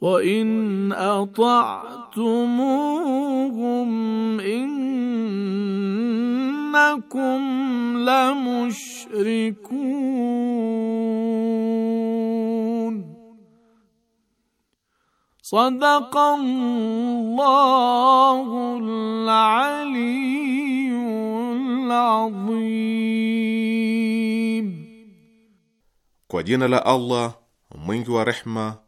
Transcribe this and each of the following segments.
وإن أطعتموهم إنكم لمشركون صدق الله العلي العظيم Kwa jina الله Allah ورحمة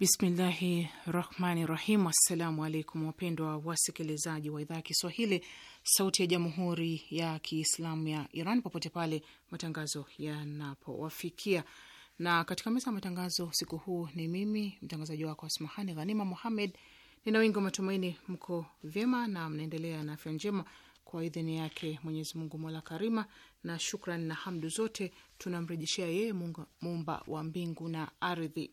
Bismillahi rahmani rahim. Assalamu alaikum wapendwa wasikilizaji wa idhaa ya Kiswahili sauti ya jamhuri ya Kiislamu ya Iran popote pale matangazo yanapowafikia. Na katika meza ya matangazo siku huu ni mimi mtangazaji wako Asmahani Ghanima Muhammed. Nina wingi wa matumaini mko vyema na mnaendelea na afya njema kwa idhini yake Mwenyezi Mungu mola karima, na shukran na hamdu zote tunamrejeshea yeye Mungu muumba wa mbingu na ardhi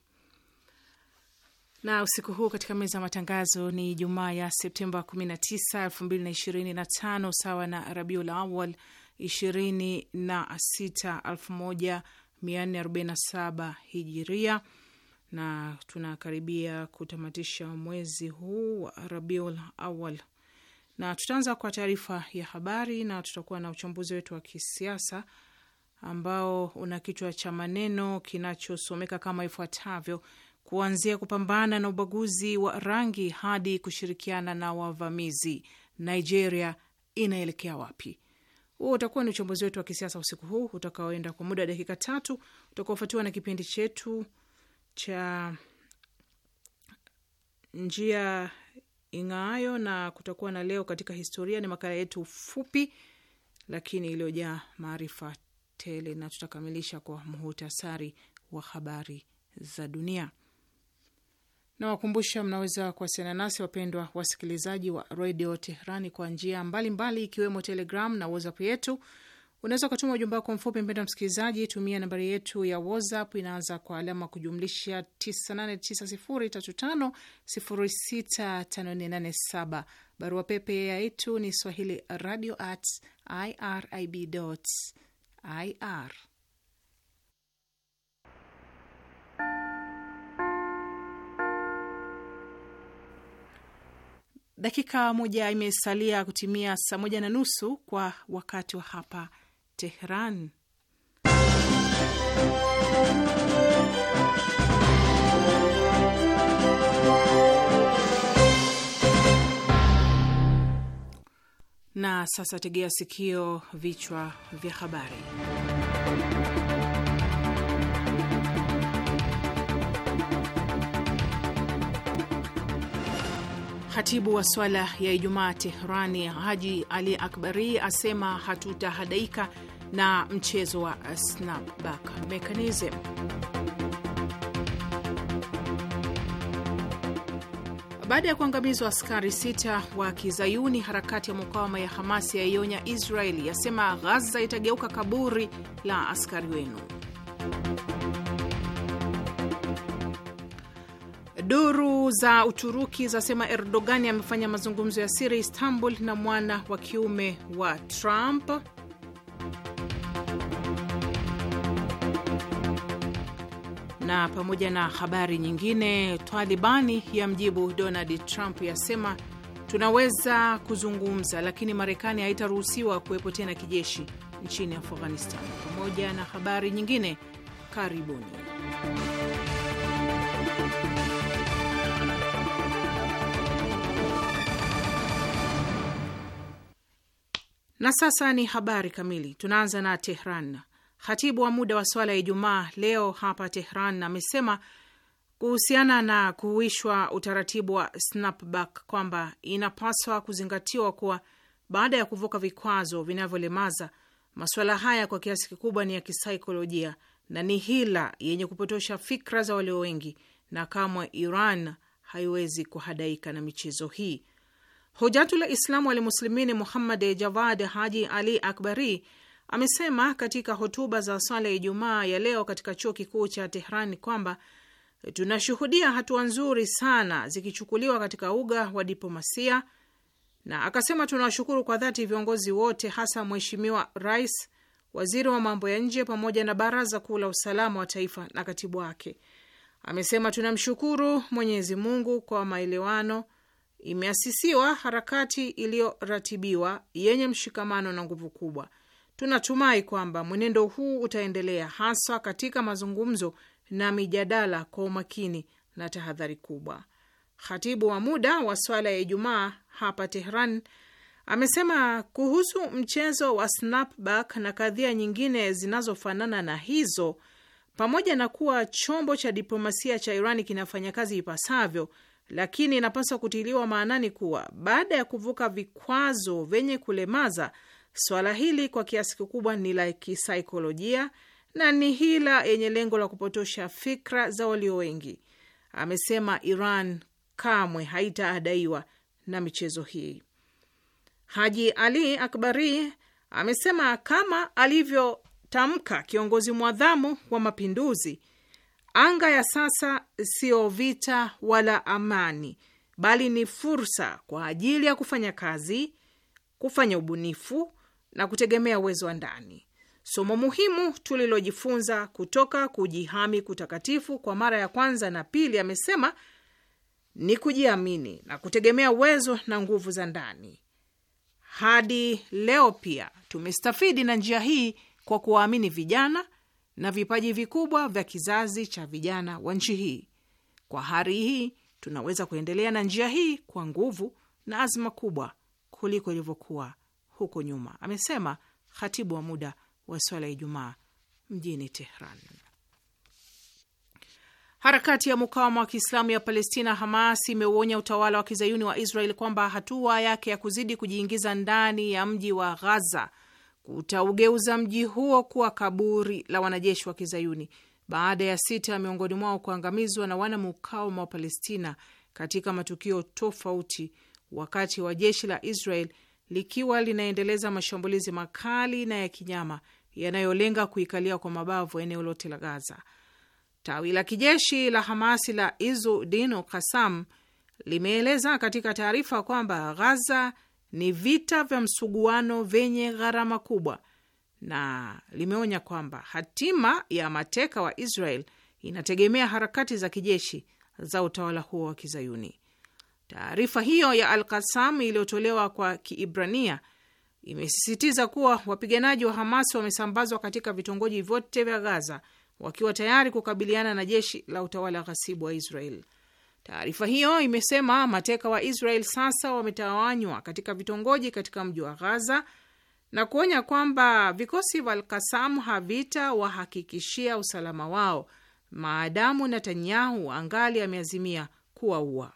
na usiku huu katika meza ya matangazo ni Ijumaa ya Septemba 19, 2025 sawa na Rabiul Awal 26, 1447 Hijiria, na tunakaribia kutamatisha mwezi huu wa Rabiul Awal, na tutaanza kwa taarifa ya habari na tutakuwa na uchambuzi wetu wa kisiasa ambao una kichwa cha maneno kinachosomeka kama ifuatavyo: kuanzia kupambana na ubaguzi wa rangi hadi kushirikiana na wavamizi. Nigeria inaelekea wapi? Huo utakuwa ni uchambuzi wetu wa kisiasa usiku huu utakaoenda kwa muda wa dakika tatu, utakaofuatiwa na kipindi chetu cha njia ing'aayo, na kutakuwa na leo katika historia. Ni makala yetu fupi lakini iliyojaa maarifa tele, na tutakamilisha kwa muhutasari wa habari za dunia. Nawakumbusha mnaweza kuwasiliana nasi wapendwa wasikilizaji wa redio Teherani kwa njia mbalimbali, ikiwemo Telegram na WhatsApp yetu. Unaweza ukatuma ujumbe wako mfupi, mpendwa msikilizaji, tumia nambari yetu ya WhatsApp, inaanza kwa alama kujumlisha 989035065487. Barua pepe yetu ni swahili radio at irib ir Dakika moja imesalia kutimia saa moja na nusu kwa wakati wa hapa Tehran. Na sasa tegea sikio vichwa vya habari. Khatibu wa swala ya Ijumaa Tehrani, Haji Ali Akbari, asema hatutahadaika na mchezo wa snapback mechanism. Baada ya kuangamizwa askari sita wa Kizayuni, harakati ya mukawama ya Hamasi yaionya Israeli, yasema Ghaza itageuka kaburi la askari wenu. Duru za Uturuki zasema Erdogani amefanya mazungumzo ya siri Istanbul na mwana wa kiume wa Trump. Na pamoja na habari nyingine, Talibani ya mjibu Donald Trump yasema tunaweza kuzungumza, lakini Marekani haitaruhusiwa kuwepo tena kijeshi nchini Afghanistan, pamoja na habari nyingine. Karibuni. Na sasa ni habari kamili. Tunaanza na Tehran. Khatibu wa muda wa swala ya Ijumaa leo hapa Tehran amesema kuhusiana na kuhuishwa utaratibu wa snapback kwamba inapaswa kuzingatiwa kuwa baada ya kuvuka vikwazo vinavyolemaza masuala haya kwa kiasi kikubwa ni ya kisaikolojia na ni hila yenye kupotosha fikra za walio wengi, na kamwe Iran haiwezi kuhadaika na michezo hii. Hujatul Islamu Almuslimini Muhammad Javad Haji Ali Akbari amesema katika hotuba za swala ya Ijumaa ya leo katika chuo kikuu cha Tehran kwamba tunashuhudia hatua nzuri sana zikichukuliwa katika uga wa diplomasia, na akasema tunawashukuru kwa dhati viongozi wote, hasa Mheshimiwa Rais, waziri wa mambo ya nje, pamoja na Baraza Kuu la Usalama wa Taifa na katibu wake. Amesema tunamshukuru Mwenyezi Mungu kwa maelewano imeasisiwa harakati iliyoratibiwa yenye mshikamano na nguvu kubwa. Tunatumai kwamba mwenendo huu utaendelea hasa katika mazungumzo na mijadala kwa umakini na tahadhari kubwa. Khatibu wa muda wa swala ya Ijumaa hapa Tehran amesema kuhusu mchezo wa snapback na kadhia nyingine zinazofanana na hizo, pamoja na kuwa chombo cha diplomasia cha Irani kinafanya kazi ipasavyo, lakini inapaswa kutiliwa maanani kuwa baada ya kuvuka vikwazo vyenye kulemaza, swala hili kwa kiasi kikubwa ni la kisaikolojia na ni hila yenye lengo la kupotosha fikra za walio wengi. Amesema Iran kamwe haitaadaiwa na michezo hii. Haji Ali Akbari amesema kama alivyotamka kiongozi mwadhamu wa mapinduzi Anga ya sasa sio vita wala amani, bali ni fursa kwa ajili ya kufanya kazi, kufanya ubunifu na kutegemea uwezo wa ndani. Somo muhimu tulilojifunza kutoka kujihami kutakatifu kwa mara ya kwanza na pili, amesema ni kujiamini na kutegemea uwezo na nguvu za ndani. Hadi leo pia tumestafidi na njia hii kwa kuwaamini vijana na vipaji vikubwa vya kizazi cha vijana wa nchi hii. Kwa hari hii tunaweza kuendelea na njia hii kwa nguvu na azma kubwa kuliko ilivyokuwa huko nyuma, amesema khatibu wa muda wa swala ya Ijumaa mjini Tehran. Harakati ya mukawama wa Kiislamu ya Palestina, Hamas, imeuonya utawala wa kizayuni wa Israel kwamba hatua yake ya kuzidi kujiingiza ndani ya mji wa Ghaza kutaugeuza mji huo kuwa kaburi la wanajeshi wa kizayuni baada ya sita miongoni mwao kuangamizwa na wana wa Palestina katika matukio tofauti, wakati wa jeshi la Israel likiwa linaendeleza mashambulizi makali na ya kinyama yanayolenga kuikalia kwa mabavu eneo lote la Gaza. Tawi la kijeshi la Hamasi la Izudin Kasam limeeleza katika taarifa kwamba Ghaza ni vita vya msuguano vyenye gharama kubwa, na limeonya kwamba hatima ya mateka wa Israel inategemea harakati za kijeshi za utawala huo wa Kizayuni. Taarifa hiyo ya Al Kasam iliyotolewa kwa Kiibrania imesisitiza kuwa wapiganaji wa Hamas wamesambazwa katika vitongoji vyote vya Gaza wakiwa tayari kukabiliana na jeshi la utawala ghasibu wa Israel. Taarifa hiyo imesema mateka wa Israel sasa wametawanywa katika vitongoji katika mji wa Ghaza na kuonya kwamba vikosi vya Alkasamu havitawahakikishia usalama wao maadamu Netanyahu angali ameazimia kuwaua.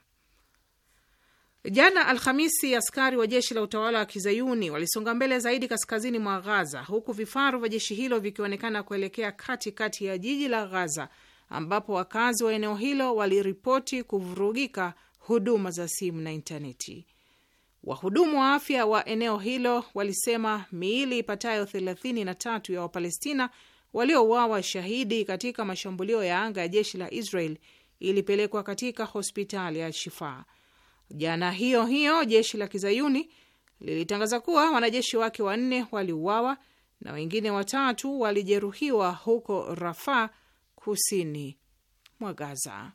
Jana Alhamisi, askari wa jeshi la utawala wa kizayuni walisonga mbele zaidi kaskazini mwa Ghaza, huku vifaru vya jeshi hilo vikionekana kuelekea katikati kati ya jiji la Ghaza ambapo wakazi wa eneo hilo waliripoti kuvurugika huduma za simu na intaneti. Wahudumu wa afya wa eneo hilo walisema miili ipatayo 33 ya Wapalestina waliouawa shahidi katika mashambulio ya anga ya jeshi la Israel ilipelekwa katika hospitali ya Shifa. Jana hiyo hiyo jeshi la kizayuni lilitangaza kuwa wanajeshi wake wanne waliuawa na wengine watatu walijeruhiwa huko Rafa kusini mwa Gaza.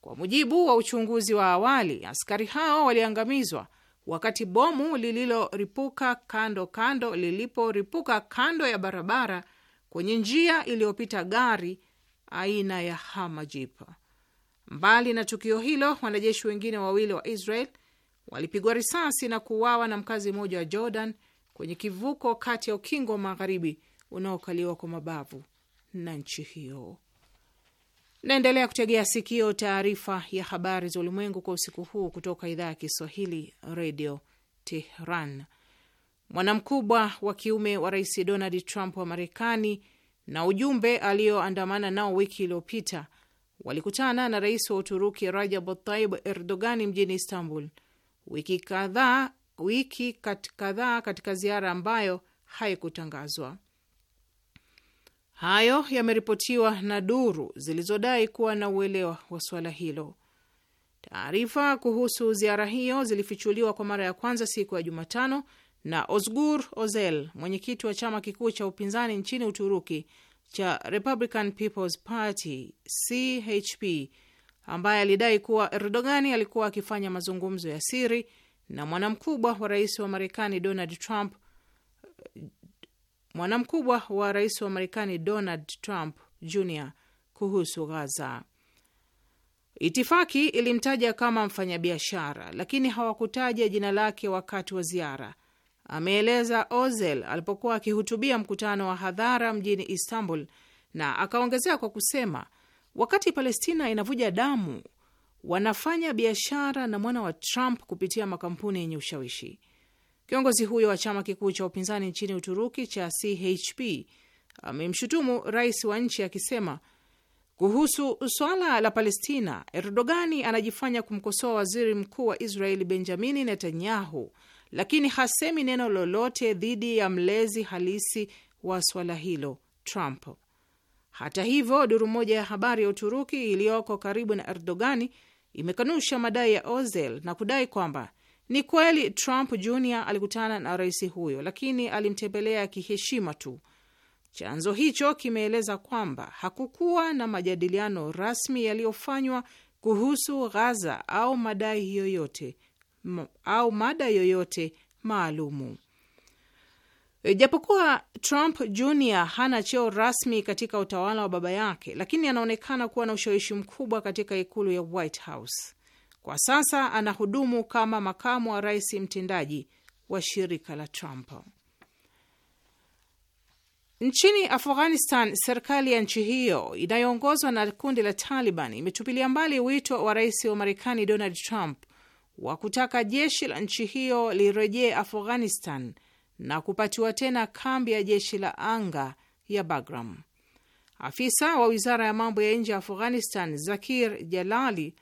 Kwa mujibu wa uchunguzi wa awali, askari hao waliangamizwa wakati bomu lililoripuka kando kando liliporipuka kando ya barabara kwenye njia iliyopita gari aina ya Hamajip. Mbali na tukio hilo, wanajeshi wengine wawili wa Israel walipigwa risasi na kuuawa na mkazi mmoja wa Jordan kwenye kivuko kati ya ukingo wa magharibi unaokaliwa kwa mabavu na nchi hiyo. Naendelea kutegea sikio taarifa ya habari za ulimwengu kwa usiku huu kutoka idhaa ya Kiswahili radio Tehran. Mwanamkubwa wa kiume wa rais Donald Trump wa Marekani na ujumbe aliyoandamana nao wiki iliyopita walikutana na rais wa Uturuki Rajab Tayyip Erdogan mjini Istanbul wiki kadhaa wiki kadhaa katika ziara ambayo haikutangazwa. Hayo yameripotiwa na duru zilizodai kuwa na uelewa wa suala hilo. Taarifa kuhusu ziara hiyo zilifichuliwa kwa mara ya kwanza siku ya Jumatano na osgur Ozel, mwenyekiti wa chama kikuu cha upinzani nchini Uturuki cha Republican People's Party CHP, ambaye alidai kuwa Erdogani alikuwa akifanya mazungumzo ya siri na mwanamkubwa wa rais wa Marekani Donald Trump mwana mkubwa wa rais wa Marekani Donald Trump Jr kuhusu Gaza. Itifaki ilimtaja kama mfanyabiashara, lakini hawakutaja jina lake wakati wa ziara, ameeleza Ozel alipokuwa akihutubia mkutano wa hadhara mjini Istanbul, na akaongezea kwa kusema, wakati Palestina inavuja damu, wanafanya biashara na mwana wa Trump kupitia makampuni yenye ushawishi. Kiongozi huyo wa chama kikuu cha upinzani nchini Uturuki cha CHP amemshutumu rais wa nchi akisema, kuhusu swala la Palestina, Erdogani anajifanya kumkosoa waziri mkuu wa Israeli Benjamini Netanyahu, lakini hasemi neno lolote dhidi ya mlezi halisi wa swala hilo Trump. Hata hivyo, duru moja ya habari ya Uturuki iliyoko karibu na Erdogani imekanusha madai ya Ozel na kudai kwamba ni kweli Trump Jr alikutana na rais huyo, lakini alimtembelea kiheshima tu. Chanzo hicho kimeeleza kwamba hakukuwa na majadiliano rasmi yaliyofanywa kuhusu Ghaza au madai yoyote au mada yoyote maalumu. Japokuwa Trump Jr hana cheo rasmi katika utawala wa baba yake, lakini anaonekana kuwa na ushawishi mkubwa katika ikulu ya White House. Kwa sasa anahudumu kama makamu wa rais mtendaji wa shirika la Trump. Nchini Afghanistan, serikali ya nchi hiyo inayoongozwa na kundi la Taliban imetupilia mbali wito wa rais wa Marekani Donald Trump wa kutaka jeshi la nchi hiyo lirejee Afghanistan na kupatiwa tena kambi ya jeshi la anga ya Bagram. Afisa wa wizara ya mambo ya nje ya Afghanistan Zakir Jalali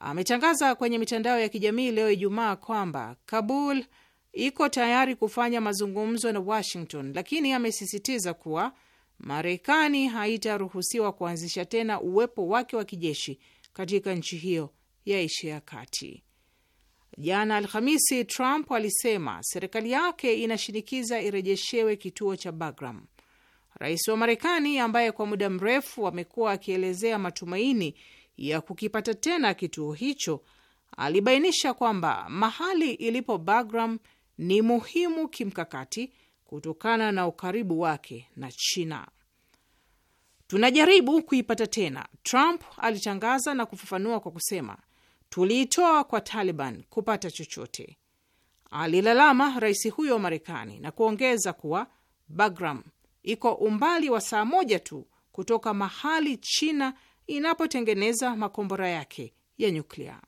ametangaza kwenye mitandao ya kijamii leo Ijumaa kwamba Kabul iko tayari kufanya mazungumzo na Washington, lakini amesisitiza kuwa Marekani haitaruhusiwa kuanzisha tena uwepo wake wa kijeshi katika nchi hiyo ya Asia ya Kati. Jana Alhamisi, Trump alisema serikali yake inashinikiza irejeshewe kituo cha Bagram. Rais wa Marekani ambaye kwa muda mrefu amekuwa akielezea matumaini ya kukipata tena kituo hicho, alibainisha kwamba mahali ilipo Bagram ni muhimu kimkakati kutokana na ukaribu wake na China. Tunajaribu kuipata tena, Trump alitangaza na kufafanua kwa kusema, tuliitoa kwa Taliban kupata chochote, alilalama rais huyo wa Marekani na kuongeza kuwa Bagram iko umbali wa saa moja tu kutoka mahali China inapotengeneza makombora yake ya nyuklia.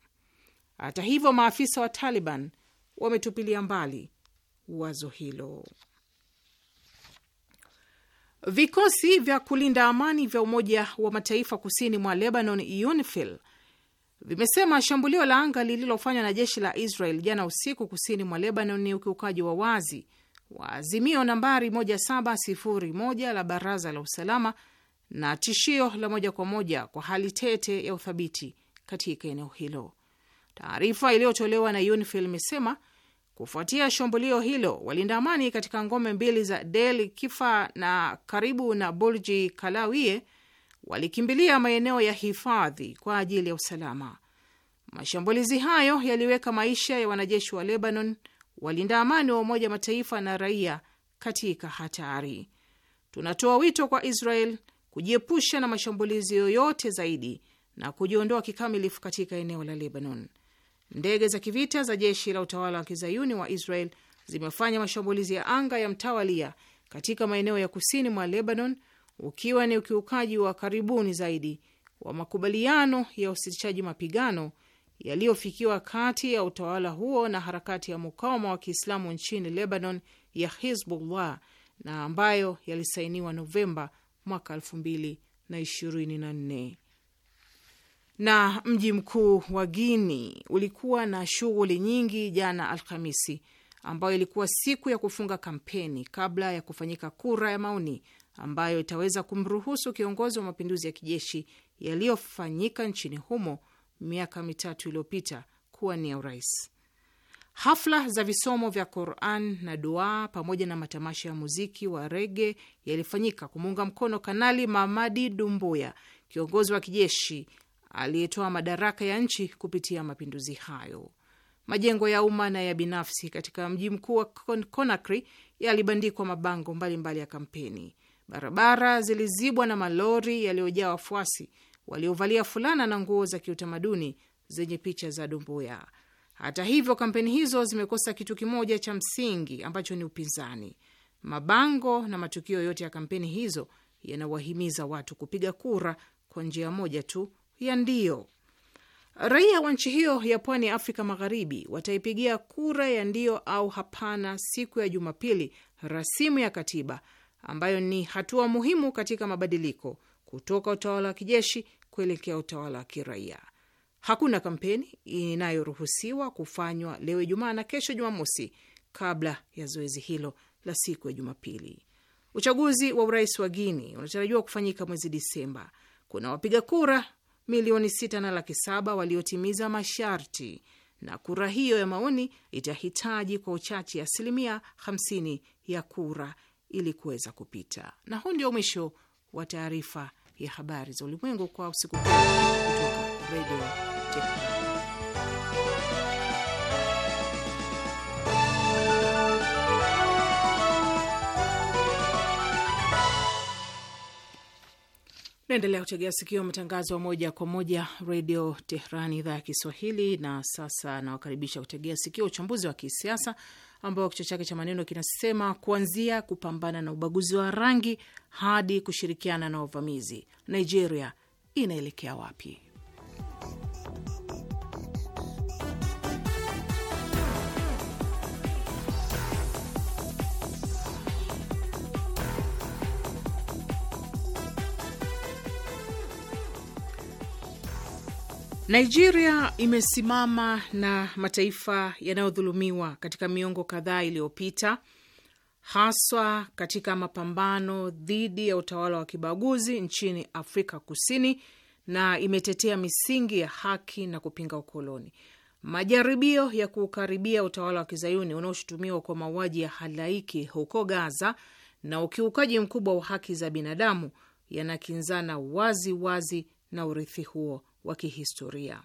Hata hivyo, maafisa wa Taliban wametupilia mbali wazo hilo. Vikosi vya kulinda amani vya Umoja wa Mataifa kusini mwa Lebanon, UNIFIL, vimesema shambulio la anga lililofanywa na jeshi la Israel jana usiku kusini mwa Lebanon ni ukiukaji wa wazi wa azimio nambari 1701 la Baraza la Usalama na tishio la moja kwa moja kwa hali tete ya uthabiti katika eneo hilo. Taarifa iliyotolewa na UNIFIL imesema kufuatia shambulio hilo, walinda amani katika ngome mbili za Del Kifa na karibu na Burji Kalawie walikimbilia maeneo ya hifadhi kwa ajili ya usalama. Mashambulizi hayo yaliweka maisha ya wanajeshi wa Lebanon, walinda amani wa Umoja Mataifa na raia katika hatari. Tunatoa wito kwa Israel kujiepusha na mashambulizi yoyote zaidi na kujiondoa kikamilifu katika eneo la Lebanon. Ndege za kivita za jeshi la utawala wa kizayuni wa Israel zimefanya mashambulizi ya anga ya mtawalia katika maeneo ya kusini mwa Lebanon, ukiwa ni ukiukaji wa karibuni zaidi wa makubaliano ya usitishaji mapigano yaliyofikiwa kati ya utawala huo na harakati ya mukawama wa Kiislamu nchini Lebanon ya Hizbullah na ambayo yalisainiwa Novemba mwaka elfu mbili na ishirini na nne. Na mji mkuu wa Guini ulikuwa na shughuli nyingi jana Alhamisi, ambayo ilikuwa siku ya kufunga kampeni kabla ya kufanyika kura ya maoni ambayo itaweza kumruhusu kiongozi wa mapinduzi ya kijeshi yaliyofanyika nchini humo miaka mitatu iliyopita kuwa ni ya urais. Hafla za visomo vya Quran na dua pamoja na matamasha ya muziki wa rege yalifanyika kumuunga mkono Kanali Mamadi Dumbuya, kiongozi wa kijeshi aliyetoa madaraka ya nchi kupitia mapinduzi hayo. Majengo ya umma na ya binafsi katika mji mkuu wa Conakry yalibandikwa mabango mbalimbali mbali ya kampeni. Barabara zilizibwa na malori yaliyojaa wafuasi waliovalia fulana na nguo za kiutamaduni zenye picha za Dumbuya. Hata hivyo, kampeni hizo zimekosa kitu kimoja cha msingi ambacho ni upinzani. Mabango na matukio yote ya kampeni hizo yanawahimiza watu kupiga kura kwa njia moja tu ya ndio. Raia wa nchi hiyo ya pwani ya Afrika Magharibi wataipigia kura ya ndio au hapana siku ya Jumapili rasimu ya katiba, ambayo ni hatua muhimu katika mabadiliko kutoka utawala wa kijeshi kuelekea utawala wa kiraia. Hakuna kampeni inayoruhusiwa kufanywa leo Ijumaa na kesho Jumamosi kabla ya zoezi hilo la siku ya Jumapili. Uchaguzi wa urais wa Guini unatarajiwa kufanyika mwezi Disemba. Kuna wapiga kura milioni sita na laki saba waliotimiza masharti na kura hiyo ya maoni itahitaji kwa uchache asilimia 50 ya kura ili kuweza kupita. Na huu ndio mwisho wa taarifa ya habari za ulimwengu kwa usiku kutoka redio wake. Naendelea kutegea sikio matangazo ya moja kwa moja redio Tehrani, idhaa ya Kiswahili. Na sasa nawakaribisha kutegea sikio uchambuzi wa kisiasa ambao kichwa chake cha maneno kinasema kuanzia kupambana na ubaguzi wa rangi hadi kushirikiana na uvamizi, Nigeria inaelekea wapi? Nigeria imesimama na mataifa yanayodhulumiwa katika miongo kadhaa iliyopita, haswa katika mapambano dhidi ya utawala wa kibaguzi nchini Afrika Kusini na imetetea misingi ya haki na kupinga ukoloni. Majaribio ya kuukaribia utawala wa kizayuni unaoshutumiwa kwa mauaji ya halaiki huko Gaza na ukiukaji mkubwa wa haki za binadamu yanakinzana wazi wazi na urithi huo wa kihistoria.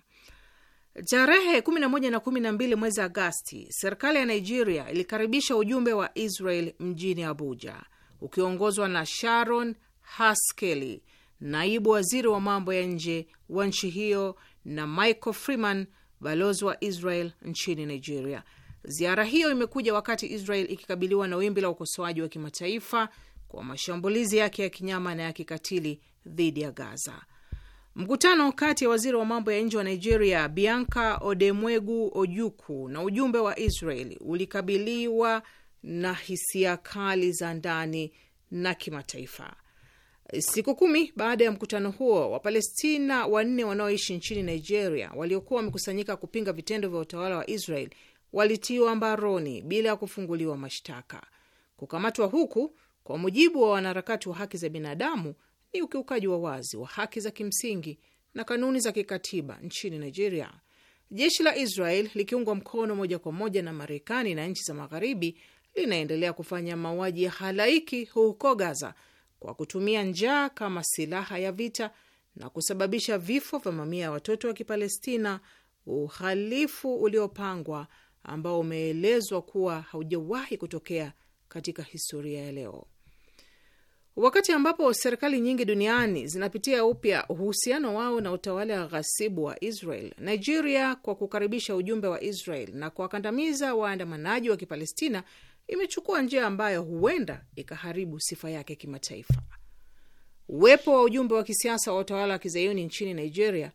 Tarehe 11 na 12 mwezi Agasti, serikali ya Nigeria ilikaribisha ujumbe wa Israel mjini Abuja ukiongozwa na Sharon Haskeli, naibu waziri wa mambo ya nje wa nchi hiyo, na Michael Freeman, balozi wa Israel nchini Nigeria. Ziara hiyo imekuja wakati Israel ikikabiliwa na wimbi la ukosoaji wa kimataifa kwa mashambulizi yake ya kinyama na ya kikatili dhidi ya Gaza. Mkutano kati ya waziri wa mambo ya nje wa Nigeria Bianca Odemwegu ojuku na ujumbe wa Israel ulikabiliwa na hisia kali za ndani na kimataifa. Siku kumi baada ya mkutano huo, Wapalestina wanne wanaoishi nchini Nigeria waliokuwa wamekusanyika kupinga vitendo vya utawala wa Israel walitiwa mbaroni bila ya kufunguliwa mashtaka. Kukamatwa huku, kwa mujibu wa wanaharakati wa haki za binadamu, ni ukiukaji wa wazi wa haki za kimsingi na kanuni za kikatiba nchini Nigeria. Jeshi la Israel likiungwa mkono moja kwa moja na Marekani na nchi za Magharibi linaendelea kufanya mauaji ya halaiki huko Gaza kwa kutumia njaa kama silaha ya vita na kusababisha vifo vya mamia ya watoto wa Kipalestina, uhalifu uliopangwa ambao umeelezwa kuwa haujawahi kutokea katika historia ya leo. Wakati ambapo serikali nyingi duniani zinapitia upya uhusiano wao na utawala wa ghasibu wa Israel, Nigeria kwa kukaribisha ujumbe wa Israel na kuwakandamiza waandamanaji wa Kipalestina imechukua njia ambayo huenda ikaharibu sifa yake kimataifa. Uwepo wa ujumbe wa kisiasa wa utawala wa kizayuni nchini Nigeria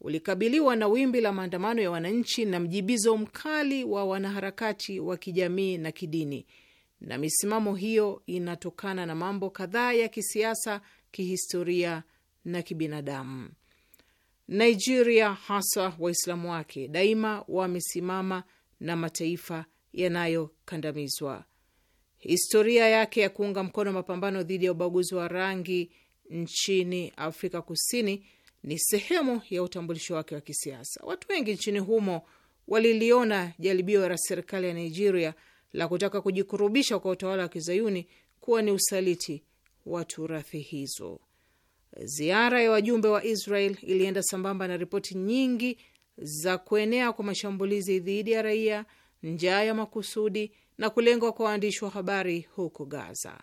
ulikabiliwa na wimbi la maandamano ya wananchi na mjibizo mkali wa wanaharakati wa kijamii na kidini, na misimamo hiyo inatokana na mambo kadhaa ya kisiasa, kihistoria na kibinadamu. Nigeria, hasa Waislamu wake, daima wamesimama na mataifa yanayokandamizwa. Historia yake ya kuunga mkono mapambano dhidi ya ubaguzi wa rangi nchini Afrika Kusini ni sehemu ya utambulisho wake wa kisiasa. Watu wengi nchini humo waliliona jaribio la serikali ya Nigeria la kutaka kujikurubisha kwa utawala wa kizayuni kuwa ni usaliti wa turathi hizo. Ziara ya wajumbe wa Israel ilienda sambamba na ripoti nyingi za kuenea kwa mashambulizi dhidi ya raia njaa ya makusudi na kulengwa kwa waandishi wa habari huko Gaza.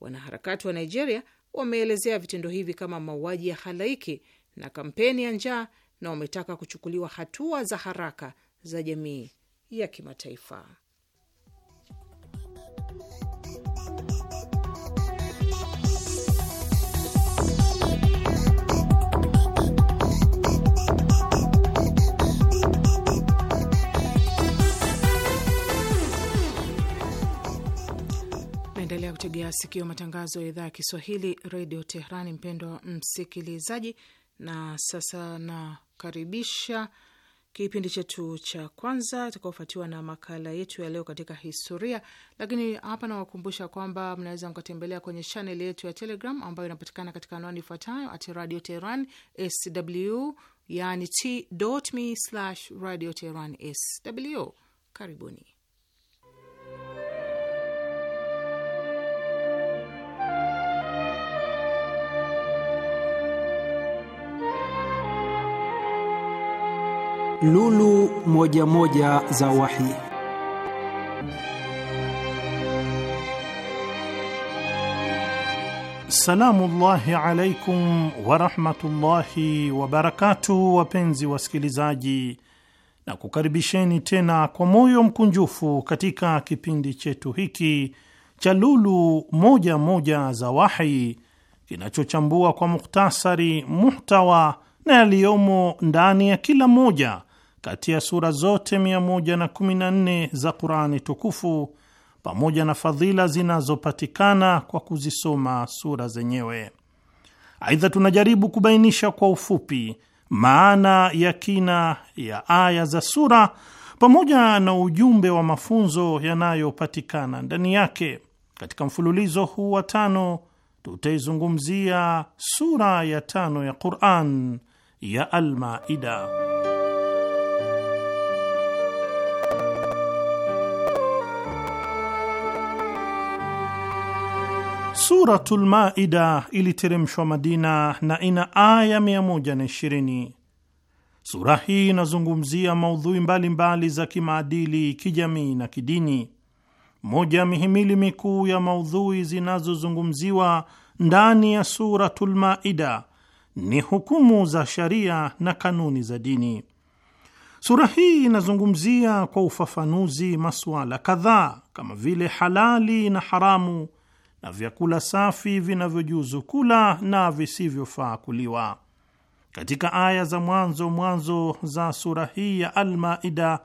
Wanaharakati wa Nigeria wameelezea vitendo hivi kama mauaji ya halaiki na kampeni ya njaa na wametaka kuchukuliwa hatua za haraka za jamii ya kimataifa. Unaendelea kutegea sikio matangazo ya idhaa ya Kiswahili redio Tehrani, mpendwa msikilizaji, na sasa nakaribisha kipindi chetu cha kwanza itakaofuatiwa na makala yetu ya leo katika historia. Lakini hapa nawakumbusha kwamba mnaweza mkatembelea kwenye chaneli yetu ya Telegram ambayo inapatikana katika anwani ifuatayo at radio teheran sw, yani t.me slash radio teheran sw. Karibuni. Lulu moja moja za Wahi. llahi alaikum warahmatullahi wabarakatu, wapenzi wasikilizaji, na kukaribisheni tena kwa moyo mkunjufu katika kipindi chetu hiki cha Lulu moja moja za Wahi kinachochambua kwa mukhtasari muhtawa na yaliyomo ndani ya kila moja kati ya sura zote 114 za Qurani tukufu pamoja na fadhila zinazopatikana kwa kuzisoma sura zenyewe. Aidha, tunajaribu kubainisha kwa ufupi maana ya kina ya aya za sura pamoja na ujumbe wa mafunzo yanayopatikana ndani yake. Katika mfululizo huu wa tano tutaizungumzia sura ya tano ya Quran ya Almaida. Suratul Maida iliteremshwa Madina na ina aya 120. Sura hii inazungumzia maudhui mbalimbali za kimaadili, kijamii na kidini. Moja ya mihimili mikuu ya maudhui zinazozungumziwa ndani ya Suratul Maida ni hukumu za sharia na kanuni za dini. Sura hii inazungumzia kwa ufafanuzi masuala kadhaa kama vile halali na haramu na vyakula safi vinavyojuzu kula na visivyofaa kuliwa. Katika aya za mwanzo mwanzo za sura hii ya Almaida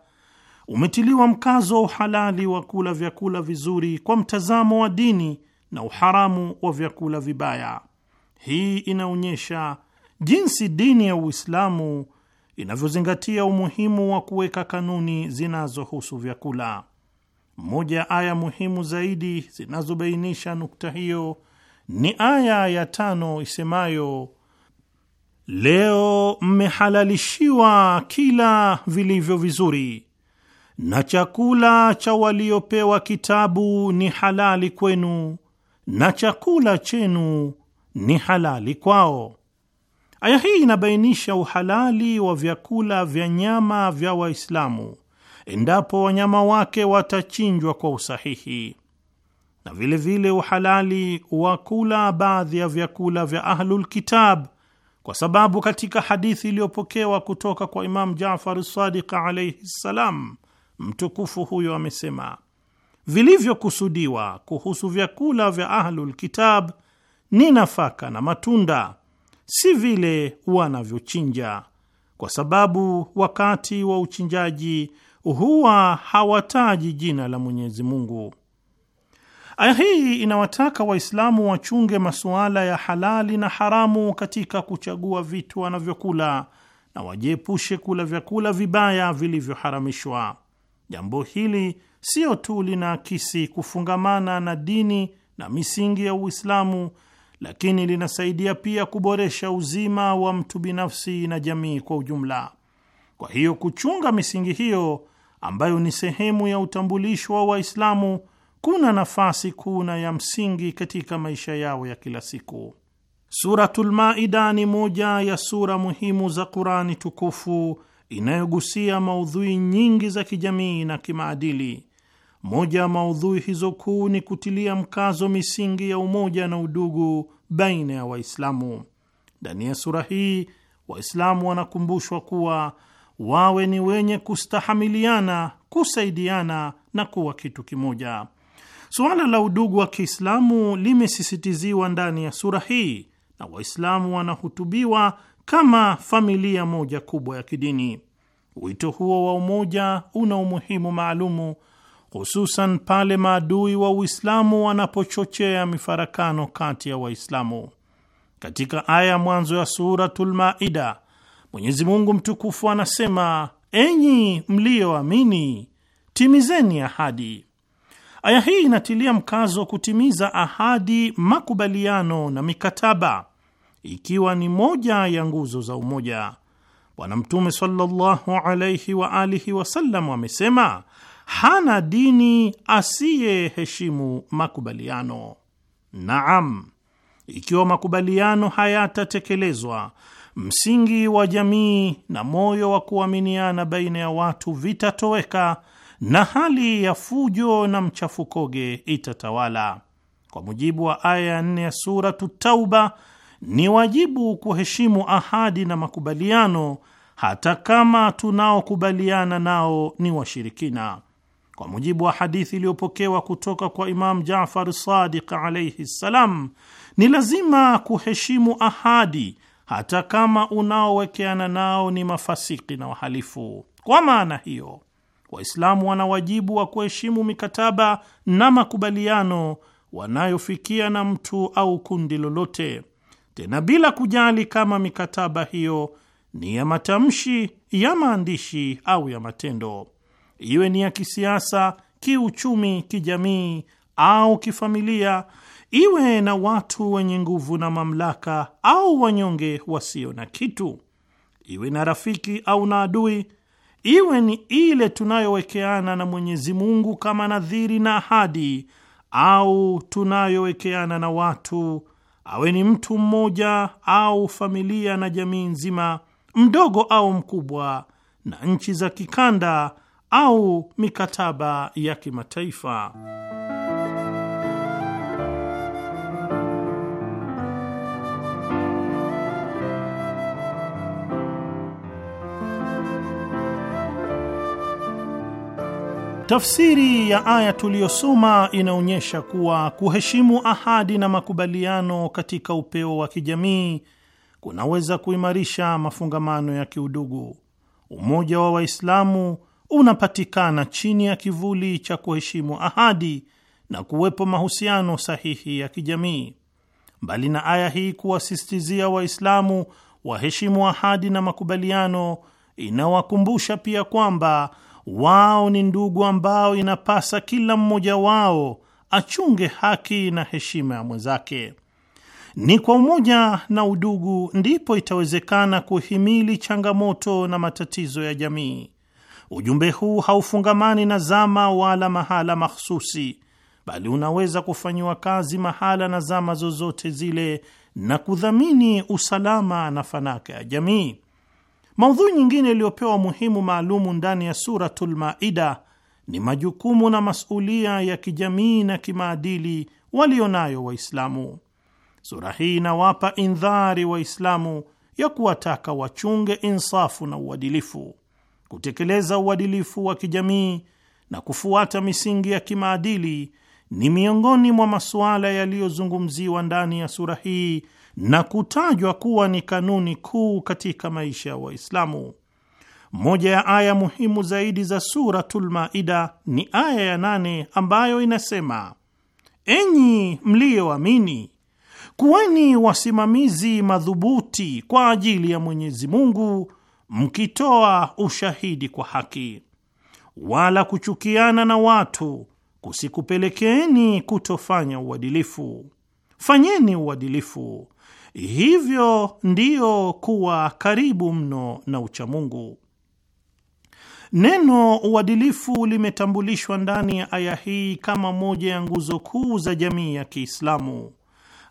umetiliwa mkazo wa uhalali wa kula vyakula vizuri kwa mtazamo wa dini na uharamu wa vyakula vibaya. Hii inaonyesha jinsi dini ya Uislamu inavyozingatia umuhimu wa kuweka kanuni zinazohusu vyakula. Moja ya aya muhimu zaidi zinazobainisha nukta hiyo ni aya ya tano isemayo, leo mmehalalishiwa kila vilivyo vizuri na chakula cha waliopewa kitabu ni halali kwenu na chakula chenu ni halali kwao. Aya hii inabainisha uhalali wa vyakula vya nyama vya Waislamu endapo wanyama wake watachinjwa kwa usahihi, na vilevile vile uhalali wa kula baadhi ya vyakula vya Ahlul Kitab, kwa sababu katika hadithi iliyopokewa kutoka kwa Imamu Jafar Sadiq alaihi ssalam, mtukufu huyo amesema vilivyokusudiwa kuhusu vyakula vya Ahlul Kitab ni nafaka na matunda, si vile wanavyochinja, kwa sababu wakati wa uchinjaji huwa hawataji jina la Mwenyezi Mungu. Aya hii inawataka Waislamu wachunge masuala ya halali na haramu katika kuchagua vitu wanavyokula na wajiepushe kula vyakula vibaya vilivyoharamishwa. Jambo hili siyo tu linaakisi kufungamana na dini na misingi ya Uislamu, lakini linasaidia pia kuboresha uzima wa mtu binafsi na jamii kwa ujumla. Kwa hiyo kuchunga misingi hiyo ambayo ni sehemu ya utambulisho wa Waislamu kuna nafasi kuu na ya msingi katika maisha yao ya kila siku. Suratul Maida ni moja ya sura muhimu za Qurani tukufu inayogusia maudhui nyingi za kijamii na kimaadili. Moja ya maudhui hizo kuu ni kutilia mkazo misingi ya umoja na udugu baina ya Waislamu. Ndani ya sura hii Waislamu wanakumbushwa kuwa wawe ni wenye kustahamiliana, kusaidiana na kuwa kitu kimoja. Suala la udugu wa Kiislamu limesisitiziwa ndani ya sura hii na Waislamu wanahutubiwa kama familia moja kubwa ya kidini. Wito huo wa umoja una umuhimu maalumu, hususan pale maadui wa Uislamu wanapochochea mifarakano kati ya Waislamu. Katika aya ya mwanzo ya Suratul Maida, Mwenyezi Mungu mtukufu anasema, enyi mliyoamini, timizeni ahadi. Aya hii inatilia mkazo kutimiza ahadi, makubaliano na mikataba, ikiwa ni moja ya nguzo za umoja. Bwana Mtume sallallahu alaihi wa alihi wasallam amesema, hana dini asiyeheshimu makubaliano. Naam, ikiwa makubaliano hayatatekelezwa msingi wa jamii na moyo wa kuaminiana baina ya watu vitatoweka na hali ya fujo na mchafukoge itatawala. Kwa mujibu wa aya ya nne ya Suratu Tauba, ni wajibu kuheshimu ahadi na makubaliano, hata kama tunaokubaliana nao ni washirikina. Kwa mujibu wa hadithi iliyopokewa kutoka kwa Imam Jafar Sadiq alaihi ssalam, ni lazima kuheshimu ahadi hata kama unaowekeana nao ni mafasiki na wahalifu. Kwa maana hiyo, Waislamu wana wajibu wa kuheshimu mikataba na makubaliano wanayofikia na mtu au kundi lolote, tena bila kujali kama mikataba hiyo ni ya matamshi, ya maandishi au ya matendo, iwe ni ya kisiasa, kiuchumi, kijamii au kifamilia iwe na watu wenye nguvu na mamlaka au wanyonge wasio na kitu, iwe na rafiki au na adui, iwe ni ile tunayowekeana na Mwenyezi Mungu kama nadhiri na ahadi, au tunayowekeana na watu, awe ni mtu mmoja au familia na jamii nzima, mdogo au mkubwa, na nchi za kikanda au mikataba ya kimataifa. Tafsiri ya aya tuliyosoma inaonyesha kuwa kuheshimu ahadi na makubaliano katika upeo wa kijamii kunaweza kuimarisha mafungamano ya kiudugu. Umoja wa Waislamu unapatikana chini ya kivuli cha kuheshimu ahadi na kuwepo mahusiano sahihi ya kijamii. Mbali na aya hii kuwasistizia Waislamu waheshimu ahadi na makubaliano, inawakumbusha pia kwamba wao ni ndugu ambao inapasa kila mmoja wao achunge haki na heshima ya mwenzake. Ni kwa umoja na udugu ndipo itawezekana kuhimili changamoto na matatizo ya jamii. Ujumbe huu haufungamani na zama wala mahala mahsusi, bali unaweza kufanyiwa kazi mahala na zama zozote zile na kudhamini usalama na fanaka ya jamii. Maudhui nyingine iliyopewa umuhimu maalumu ndani ya Suratul Maida ni majukumu na masulia ya kijamii na kimaadili walio nayo Waislamu. Sura hii inawapa indhari Waislamu ya kuwataka wachunge insafu na uadilifu, kutekeleza uadilifu wa kijamii na kufuata misingi ya kimaadili ni miongoni mwa masuala yaliyozungumziwa ndani ya sura hii na kutajwa kuwa ni kanuni kuu katika maisha ya wa Waislamu. Moja ya aya muhimu zaidi za Suratul Maida ni aya ya nane ambayo inasema, enyi mliyoamini, kuweni wasimamizi madhubuti kwa ajili ya Mwenyezi Mungu, mkitoa ushahidi kwa haki, wala kuchukiana na watu kusikupelekeeni kutofanya uadilifu. Fanyeni uadilifu Hivyo ndiyo kuwa karibu mno na uchamungu. Neno uadilifu limetambulishwa ndani ya aya hii kama moja ya nguzo kuu za jamii ya Kiislamu.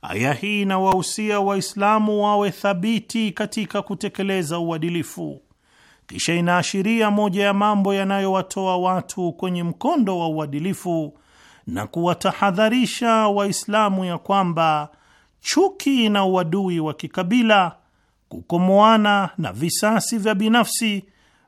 Aya hii inawahusia Waislamu wawe thabiti katika kutekeleza uadilifu, kisha inaashiria moja ya mambo yanayowatoa watu kwenye mkondo wa uadilifu na kuwatahadharisha Waislamu ya kwamba chuki na uadui wa kikabila, kukomoana na visasi vya binafsi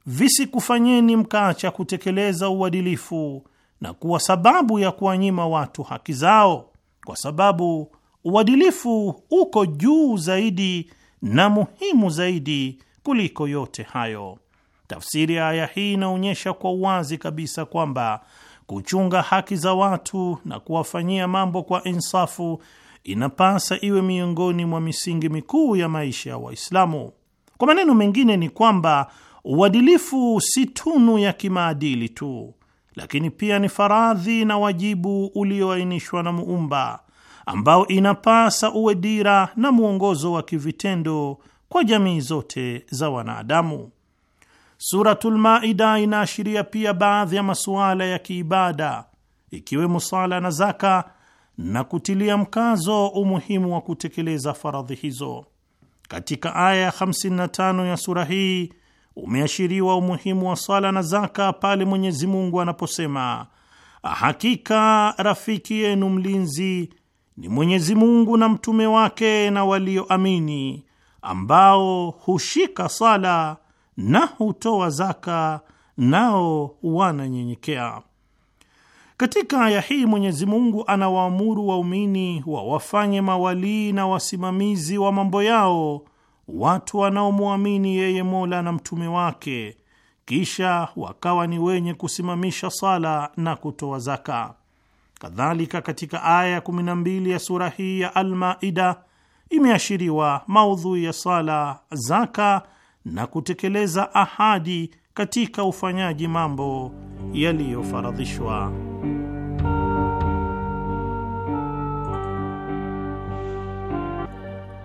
visikufanyeni mkaacha kutekeleza uadilifu na kuwa sababu ya kuwanyima watu haki zao, kwa sababu uadilifu uko juu zaidi na muhimu zaidi kuliko yote hayo. Tafsiri ya aya hii inaonyesha kwa uwazi kabisa kwamba kuchunga haki za watu na kuwafanyia mambo kwa insafu inapasa iwe miongoni mwa misingi mikuu ya maisha ya Waislamu. Kwa maneno mengine, ni kwamba uadilifu si tunu ya kimaadili tu, lakini pia ni faradhi na wajibu ulioainishwa na Muumba ambao inapasa uwe dira na mwongozo wa kivitendo kwa jamii zote za wanadamu. Suratul Maida inaashiria pia baadhi ya masuala ya kiibada ikiwemo sala na zaka na kutilia mkazo umuhimu wa kutekeleza faradhi hizo. Katika aya ya 55 ya sura hii umeashiriwa umuhimu wa sala na zaka pale Mwenyezi Mungu anaposema, hakika rafiki yenu mlinzi ni Mwenyezi Mungu na mtume wake na walioamini ambao hushika sala na hutoa zaka nao wananyenyekea. Katika aya hii Mwenyezi Mungu anawaamuru waumini wawafanye mawalii na wasimamizi wa mambo yao watu wanaomwamini yeye Mola na mtume wake, kisha wakawa ni wenye kusimamisha sala na kutoa zaka. Kadhalika, katika aya ya 12 ya sura hii ya almaida imeashiriwa maudhui ya sala, zaka na kutekeleza ahadi katika ufanyaji mambo yaliyofaradhishwa.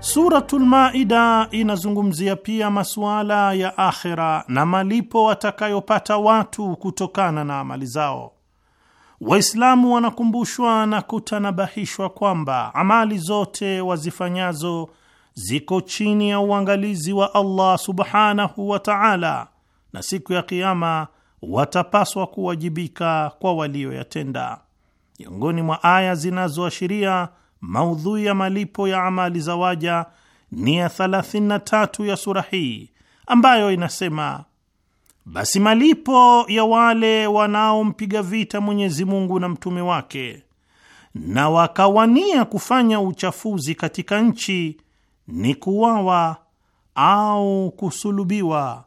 Suratul Maida inazungumzia pia masuala ya akhira na malipo watakayopata watu kutokana na amali zao. Waislamu wanakumbushwa na kutanabahishwa kwamba amali zote wazifanyazo ziko chini ya uangalizi wa Allah subhanahu wa ta'ala, na siku ya kiama watapaswa kuwajibika kwa walioyatenda. Miongoni mwa aya zinazoashiria maudhui ya malipo ya amali za waja ni ya 33 ya sura hii ambayo inasema: basi malipo ya wale wanaompiga vita Mwenyezi Mungu na mtume wake na wakawania kufanya uchafuzi katika nchi ni kuwawa au kusulubiwa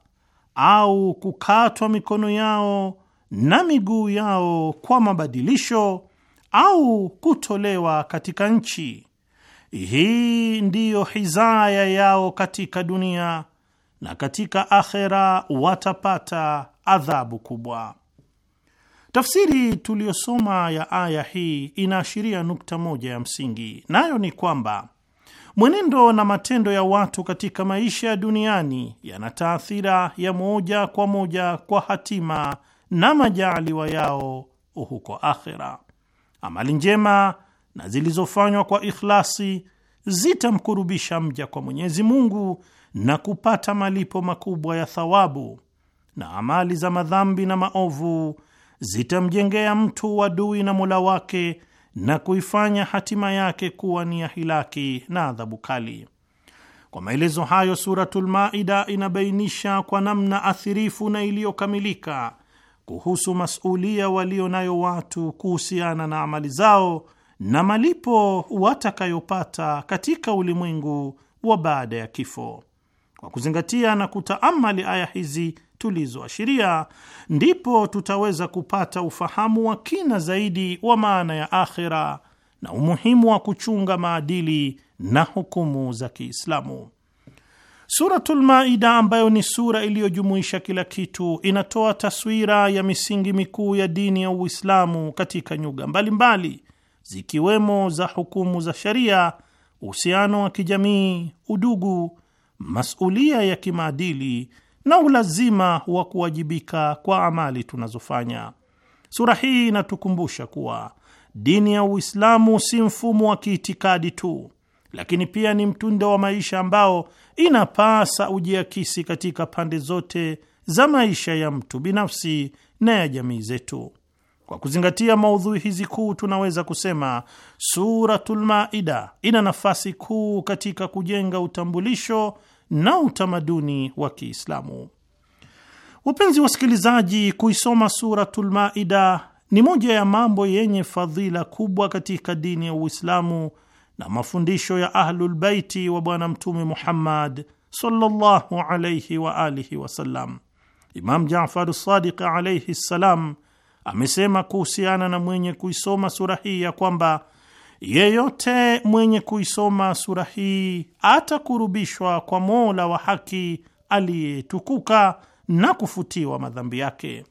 au kukatwa mikono yao na miguu yao kwa mabadilisho au kutolewa katika nchi. Hii ndiyo hizaya yao katika dunia, na katika akhera watapata adhabu kubwa. Tafsiri tuliyosoma ya aya hii inaashiria nukta moja ya msingi, nayo ni kwamba mwenendo na matendo ya watu katika maisha ya duniani yana taathira ya moja kwa moja kwa hatima na majaaliwa yao huko akhera. Amali njema na zilizofanywa kwa ikhlasi zitamkurubisha mja kwa Mwenyezi Mungu na kupata malipo makubwa ya thawabu, na amali za madhambi na maovu zitamjengea mtu wadui na Mola wake na kuifanya hatima yake kuwa ni ya hilaki na adhabu kali. Kwa maelezo hayo, Suratul Maida inabainisha kwa namna athirifu na iliyokamilika kuhusu masulia walio nayo watu kuhusiana na amali zao na malipo watakayopata katika ulimwengu wa baada ya kifo. Kwa kuzingatia na kutaamali aya hizi tulizoashiria, ndipo tutaweza kupata ufahamu wa kina zaidi wa maana ya akhira na umuhimu wa kuchunga maadili na hukumu za Kiislamu. Suratul Maida ambayo ni sura iliyojumuisha kila kitu, inatoa taswira ya misingi mikuu ya dini ya Uislamu katika nyuga mbalimbali mbali, zikiwemo za hukumu za sharia, uhusiano wa kijamii, udugu, masulia ya kimaadili na ulazima wa kuwajibika kwa amali tunazofanya. Sura hii inatukumbusha kuwa dini ya Uislamu si mfumo wa kiitikadi tu, lakini pia ni mtindo wa maisha ambao inapasa ujiakisi katika pande zote za maisha ya mtu binafsi na ya jamii zetu. Kwa kuzingatia maudhui hizi kuu, tunaweza kusema Suratul Maida ina nafasi kuu katika kujenga utambulisho na utamaduni wa Kiislamu. Wapenzi wasikilizaji, kuisoma Suratul Maida ni moja ya mambo yenye fadhila kubwa katika dini ya Uislamu na mafundisho ya Ahlulbaiti wa Bwana Mtume Muhammad sallallahu alayhi wa alihi wasallam. Imam Jafar Sadiq alayhi ssalam amesema kuhusiana na mwenye kuisoma sura hii ya kwamba yeyote mwenye kuisoma sura hii atakurubishwa kwa Mola wa haki aliyetukuka na kufutiwa madhambi yake.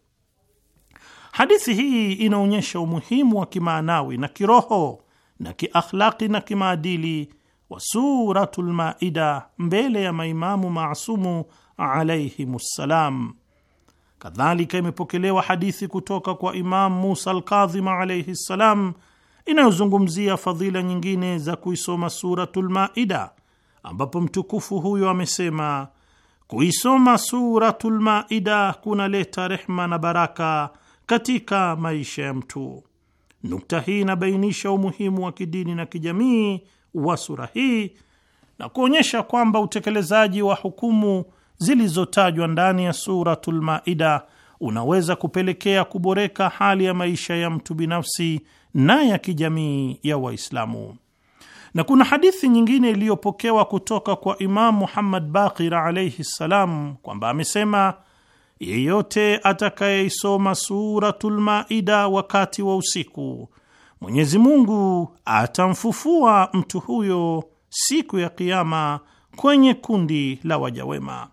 Hadithi hii inaonyesha umuhimu wa kimaanawi na kiroho na kiakhlaqi na kimaadili wa Suratul Maida mbele ya maimamu maasumu alaihimussalam. Kadhalika imepokelewa hadithi kutoka kwa Imamu Musa Alkadhim alaihi ssalam inayozungumzia fadhila nyingine za kuisoma Suratul Maida, ambapo mtukufu huyo amesema kuisoma Suratul Maida kunaleta rehma na baraka katika maisha ya mtu. Nukta hii inabainisha umuhimu wa kidini na kijamii wa sura hii na kuonyesha kwamba utekelezaji wa hukumu zilizotajwa ndani ya Suratul Maida unaweza kupelekea kuboreka hali ya maisha ya mtu binafsi na ya kijamii ya Waislamu. Na kuna hadithi nyingine iliyopokewa kutoka kwa Imamu Muhammad Baqir alaihi ssalam kwamba amesema yeyote atakayeisoma Suratul Maida wakati wa usiku, Mwenyezi Mungu atamfufua mtu huyo siku ya Kiama kwenye kundi la wajawema.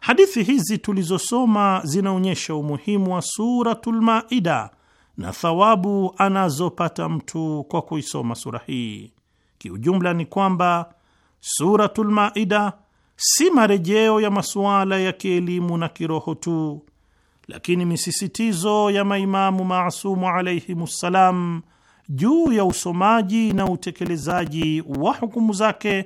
Hadithi hizi tulizosoma zinaonyesha umuhimu wa Suratul Maida na thawabu anazopata mtu kwa kuisoma sura hii. Kiujumla ni kwamba Suratul Maida si marejeo ya masuala ya kielimu na kiroho tu, lakini misisitizo ya maimamu maasumu alaihimussalam juu ya usomaji na utekelezaji wa hukumu zake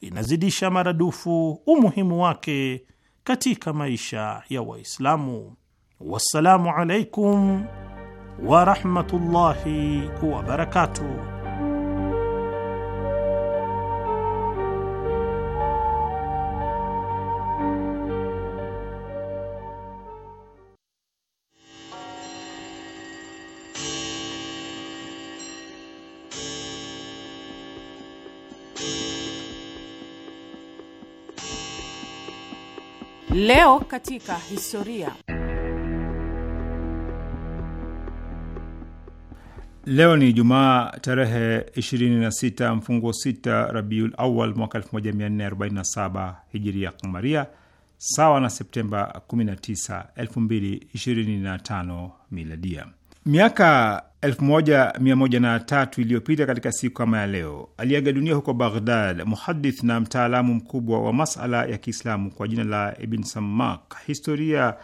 inazidisha maradufu umuhimu wake katika maisha ya Waislamu. Wassalamu alaikum warahmatullahi wabarakatuh. Leo katika historia. Leo ni Jumaa tarehe 26 mfungo 6 Rabiul Awal mwaka 1447 Hijiria Kamaria, sawa na Septemba 19, 2025 Miladia. Miaka 1103 iliyopita katika siku kama ya leo aliaga dunia huko Baghdad muhadith na mtaalamu mkubwa wa masala ya Kiislamu kwa jina la Ibn Sammak. Historia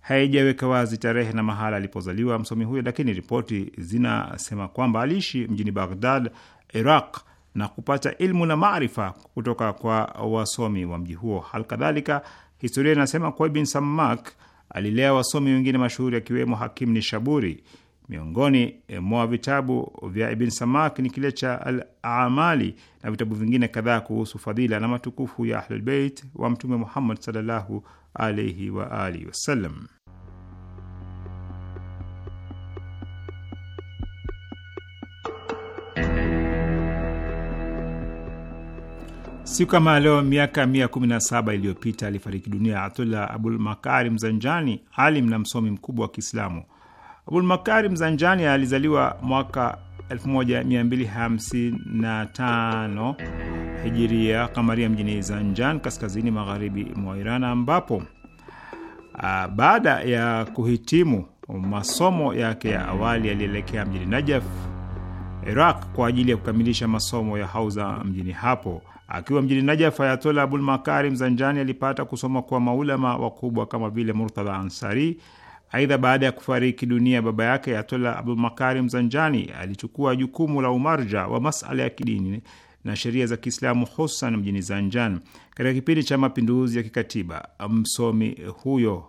haijaweka wazi tarehe na mahala alipozaliwa msomi huyo, lakini ripoti zinasema kwamba aliishi mjini Baghdad, Iraq, na kupata ilmu na maarifa kutoka kwa wasomi wa mji huo. Halikadhalika, historia inasema kuwa Ibn Sammak alilea wasomi wengine mashuhuri akiwemo Hakim Nishaburi. Miongoni mwa vitabu vya Ibn Samak ni kile cha Al Amali na vitabu vingine kadhaa kuhusu fadhila na matukufu ya Ahlulbeit wa Mtume Muhammad sallallahu alaihi wa alihi wasallam. Siku kama leo miaka 117 iliyopita alifariki dunia Atullah Abul Makarim Zanjani, alim na msomi mkubwa wa Kiislamu. Abulmakari Mzanjani alizaliwa mwaka 1255 hijiria kamaria mjini Zanjan, kaskazini magharibi mwa Iran, ambapo ah, baada ya kuhitimu masomo yake ya awali alielekea mjini Najaf, Iraq, kwa ajili ya kukamilisha masomo ya hauza mjini hapo. Akiwa mjini Najaf, Ayatola Makarim Mzanjani alipata kusoma kwa maulama wakubwa kama vile Murtadha Ansari Aidha, baada ya kufariki dunia baba yake yatola Abdulmakarim Zanjani alichukua jukumu la umarja wa masala ya kidini na sheria za Kiislamu hususan mjini Zanjan katika kipindi cha mapinduzi ya kikatiba. Msomi huyo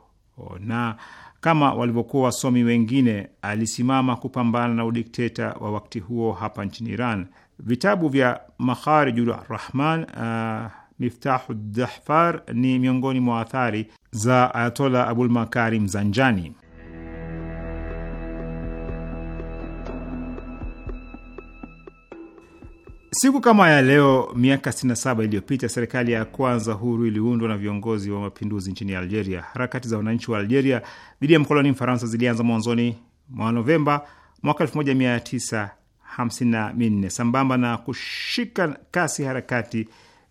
na kama walivyokuwa wasomi wengine alisimama kupambana na udikteta wa wakati huo hapa nchini Iran. Vitabu vya Makharijur Rahman uh, Miftahu Dahfar ni miongoni mwa athari za Ayatola Abul Makarim Zanjani. Siku kama ya leo miaka 67 iliyopita serikali ya kwanza huru iliundwa na viongozi wa mapinduzi nchini Algeria. Harakati za wananchi wa Algeria dhidi ya mkoloni Mfaransa zilianza mwanzoni mwa Novemba mwaka 1954 sambamba na kushika kasi harakati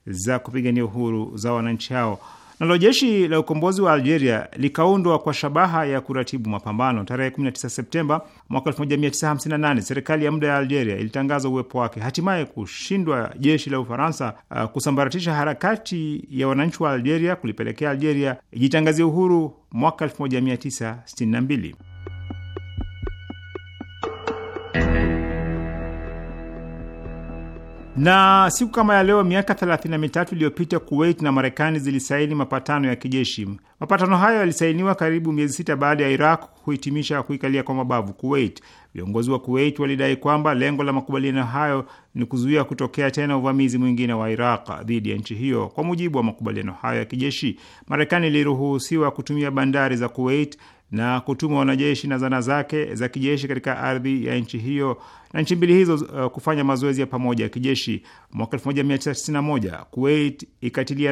za kupigania uhuru za wananchi hao. Nalo jeshi la ukombozi wa Algeria likaundwa kwa shabaha ya kuratibu mapambano. Tarehe 19 Septemba mwaka 1958 serikali ya muda ya Algeria ilitangaza uwepo wake. Hatimaye kushindwa jeshi la Ufaransa uh, kusambaratisha harakati ya wananchi wa Algeria kulipelekea Algeria ijitangazia uhuru mwaka 1962. Na siku kama ya leo miaka 33 mitatu iliyopita Kuwait na Marekani zilisaini mapatano ya kijeshi. Mapatano hayo yalisainiwa karibu miezi sita baada ya Iraq kuhitimisha kuikalia kwa mabavu Kuwait. Viongozi wa Kuwait walidai kwamba lengo la makubaliano hayo ni kuzuia kutokea tena uvamizi mwingine wa Iraq dhidi ya nchi hiyo. Kwa mujibu wa makubaliano hayo ya kijeshi, Marekani iliruhusiwa kutumia bandari za Kuwait na kutuma wanajeshi na zana zake za kijeshi katika ardhi ya nchi hiyo na nchi mbili hizo uh, kufanya mazoezi ya pamoja ya kijeshi. Mwaka 1991 Kuwait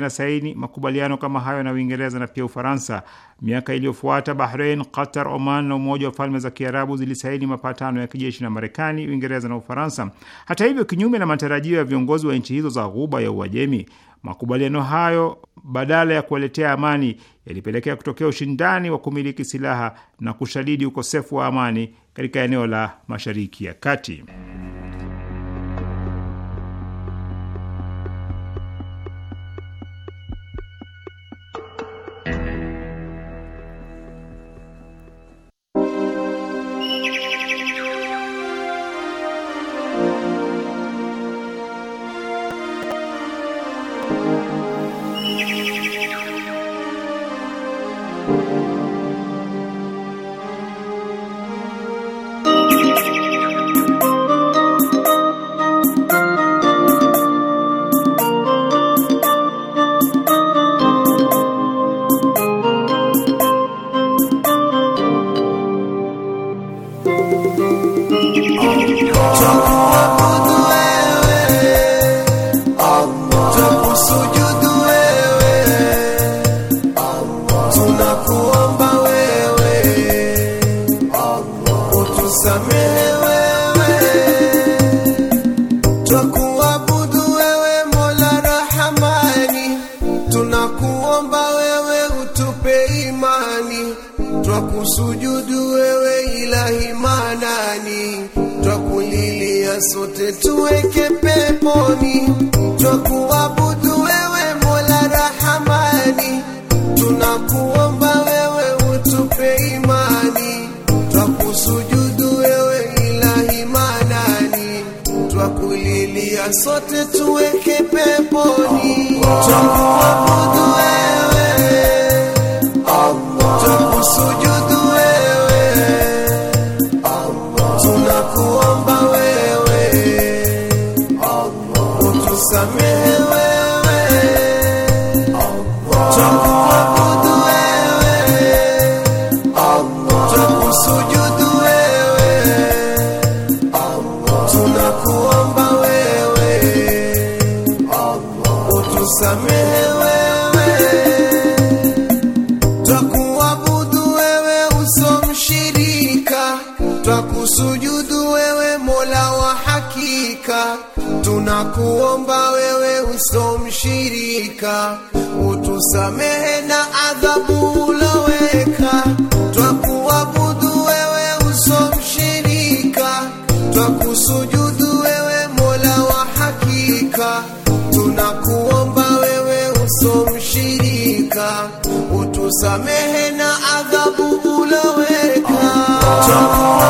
na saini makubaliano kama hayo na Uingereza na pia Ufaransa. Miaka iliyofuata Bahrain, Qatar, Oman na Umoja wa Falme za Kiarabu zilisaini mapatano ya kijeshi na Marekani, Uingereza na Ufaransa. Hata hivyo, kinyume na matarajio ya viongozi wa nchi hizo za Ghuba ya Uajemi, Makubaliano hayo badala ya kuwaletea amani yalipelekea kutokea ushindani wa kumiliki silaha na kushadidi ukosefu wa amani katika eneo la Mashariki ya Kati. hakika tunakuomba wewe usomshirika utusamehe na adhabu uloweka twakuabudu wewe usomshirika twakusujudu wewe mola wa hakika tunakuomba wewe usomshirika utusamehe na adhabu uloweka oh.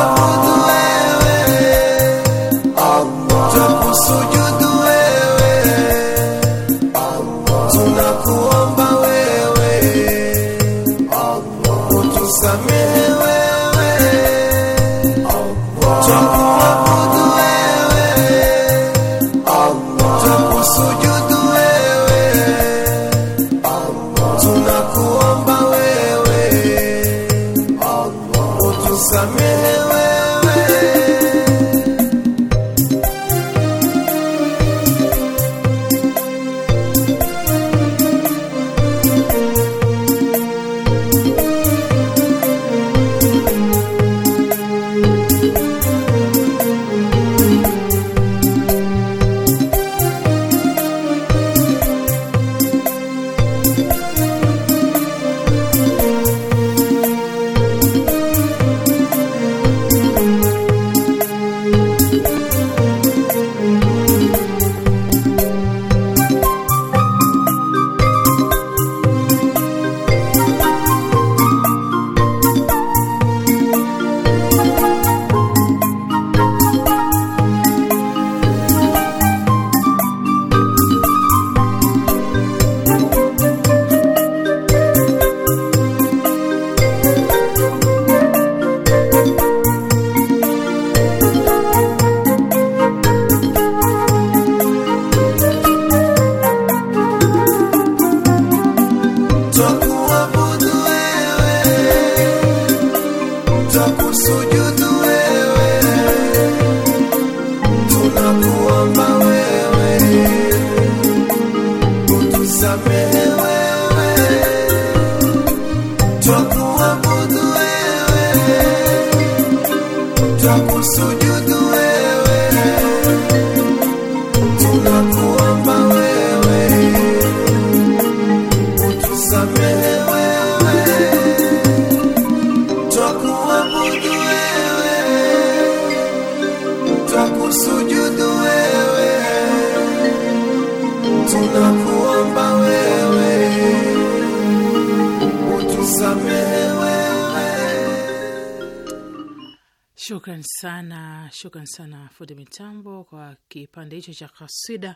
Shukran sana fundi mitambo kwa kipande hicho cha kasida,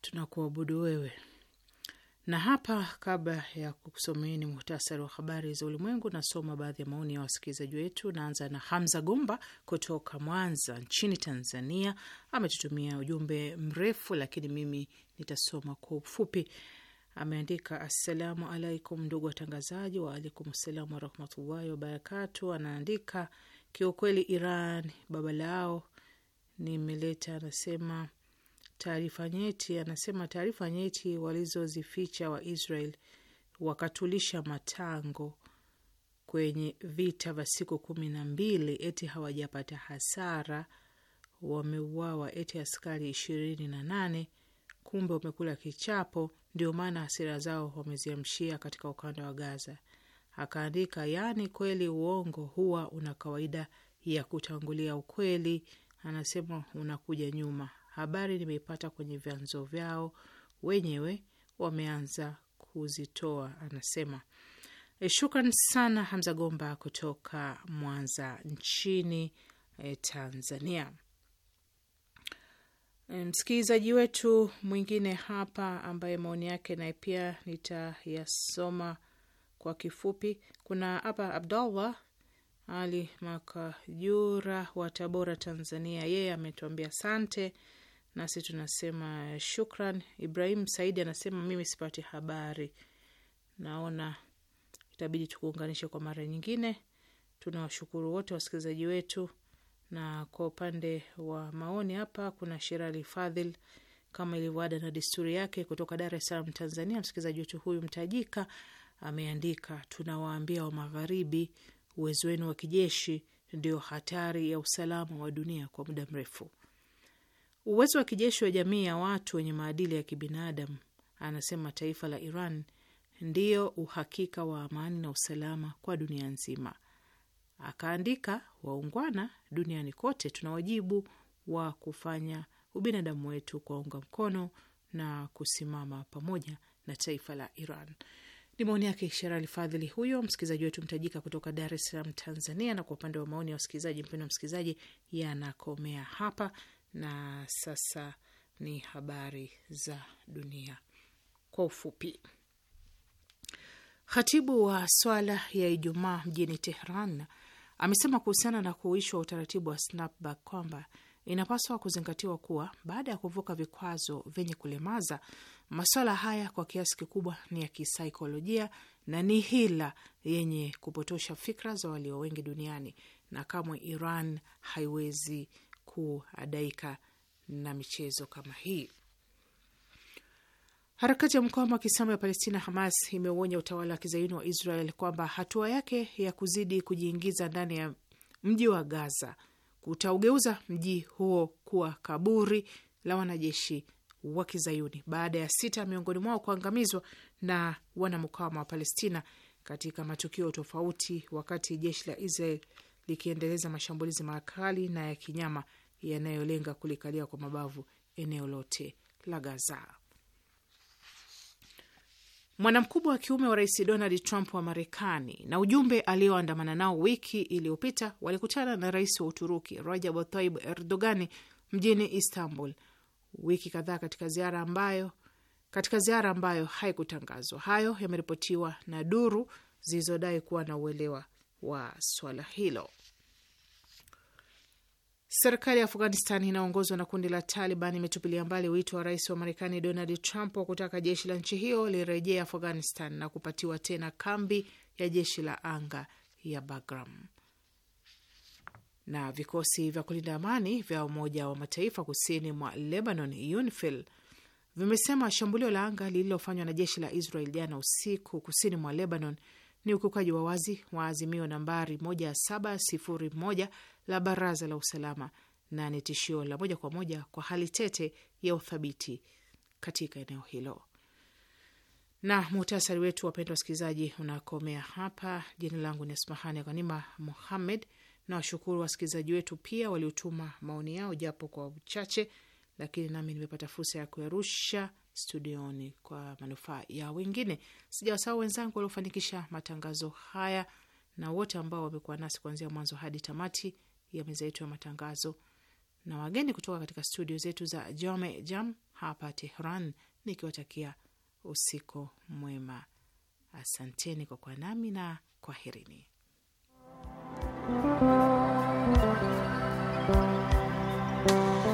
tunakuabudu wewe. Na hapa kabla ya kusomeeni muhtasari wa habari za ulimwengu, nasoma baadhi ya maoni ya wasikilizaji wetu. Naanza na Hamza Gumba kutoka Mwanza nchini Tanzania, ametutumia ujumbe mrefu, lakini mimi nitasoma kwa ufupi. Ameandika, assalamu alaikum ndugu watangazaji. Waalaikum salam warahmatullahi wabarakatu. Anaandika Kiukweli Iran baba lao nimeleta, anasema taarifa nyeti, anasema taarifa nyeti walizozificha wa Israel wakatulisha matango kwenye vita vya siku kumi na mbili, eti hawajapata hasara, wameuawa eti askari ishirini na nane kumbe wamekula kichapo. Ndio maana hasira zao wameziamshia katika ukanda wa Gaza akaandika, yaani kweli uongo huwa una kawaida ya kutangulia ukweli. Anasema unakuja nyuma. Habari nimeipata kwenye vyanzo vyao wenyewe, wameanza kuzitoa. Anasema e, shukran sana Hamza Gomba kutoka Mwanza nchini e, Tanzania. E, msikilizaji wetu mwingine hapa ambaye maoni yake naye pia nitayasoma kwa kifupi, kuna hapa Abdallah Ali Makajura wa Tabora, Tanzania. Yeye ametuambia sante, nasi tunasema shukran. Ibrahim Saidi anasema mimi sipati habari, naona itabidi tukuunganishe kwa mara nyingine. Tunawashukuru wote wasikilizaji wetu. Na kwa upande wa maoni hapa kuna Sherali Fadhil, kama ilivyoada na desturi yake, kutoka Dar es Salaam, Tanzania. Msikilizaji wetu huyu mtajika ameandika, tunawaambia wa magharibi, uwezo wenu wa kijeshi ndio hatari ya usalama wa dunia kwa muda mrefu. Uwezo wa kijeshi wa jamii ya watu wenye maadili ya kibinadamu, anasema taifa la Iran ndiyo uhakika wa amani na usalama kwa dunia nzima. Akaandika, waungwana duniani kote tuna wajibu wa kufanya ubinadamu wetu kwa unga mkono na kusimama pamoja na taifa la Iran. Ni maoni yake Sherali Fadhili, huyo msikilizaji wetu mtajika kutoka Dar es Salaam, Tanzania. Na kwa upande wa maoni ya wasikilizaji, mpendo msikilizaji, yanakomea hapa, na sasa ni habari za dunia kwa ufupi. Khatibu wa swala ya Ijumaa mjini Tehran amesema kuhusiana na kuishwa utaratibu wa snapback kwamba inapaswa kuzingatiwa kuwa baada ya kuvuka vikwazo vyenye kulemaza Maswala haya kwa kiasi kikubwa ni ya kisaikolojia na ni hila yenye kupotosha fikra za walio wengi duniani, na kamwe Iran haiwezi kuadaika na michezo kama hii. Harakati ya mkawama wa Kiislamu ya Palestina, Hamas, imeuonya utawala wa kizayuni wa Israel kwamba hatua yake ya kuzidi kujiingiza ndani ya mji wa Gaza kutaugeuza mji huo kuwa kaburi la wanajeshi wa kizayuni baada ya sita miongoni mwao kuangamizwa na wanamkama wa Palestina katika matukio tofauti, wakati jeshi la Israel likiendeleza mashambulizi makali na ya kinyama yanayolenga kulikalia kwa mabavu eneo lote la Gaza. Mwanamkubwa wa kiume wa rais Donald Trump wa Marekani na ujumbe alioandamana nao wiki iliyopita walikutana na rais wa Uturuki rajabtaib Tayyip Erdogani mjini Istanbul wiki kadhaa katika ziara ambayo katika ziara ambayo haikutangazwa. Hayo yameripotiwa na duru zilizodai kuwa na uelewa wa swala hilo. Serikali ya Afghanistan inaongozwa na kundi la Taliban imetupilia mbali wito wa rais wa Marekani Donald Trump wa kutaka jeshi la nchi hiyo lirejea Afghanistan na kupatiwa tena kambi ya jeshi la anga ya Bagram na vikosi vya kulinda amani vya Umoja wa Mataifa kusini mwa Lebanon, UNIFIL, vimesema shambulio la anga lililofanywa na jeshi la Israel jana usiku kusini mwa Lebanon ni ukiukaji wa wazi wa azimio nambari 1701 la Baraza la Usalama na ni tishio la moja kwa moja kwa hali tete ya uthabiti katika eneo hilo. Na muhtasari wetu, wapendwa wasikilizaji, unakomea hapa. Jina langu ni Asmahani Ghanima Muhammed nawashukuru wasikilizaji wetu pia waliotuma maoni yao japo kwa uchache, lakini nami nimepata fursa ya kuyarusha studioni kwa manufaa ya wengine. Sijawasahau wenzangu waliofanikisha matangazo haya na wote ambao wamekuwa nasi kuanzia mwanzo hadi tamati ya meza yetu ya matangazo, na wageni kutoka katika studio zetu za Jome Jam hapa Tehran, nikiwatakia usiku mwema. Asanteni kwa kuwa nami na kwaherini. Thank you.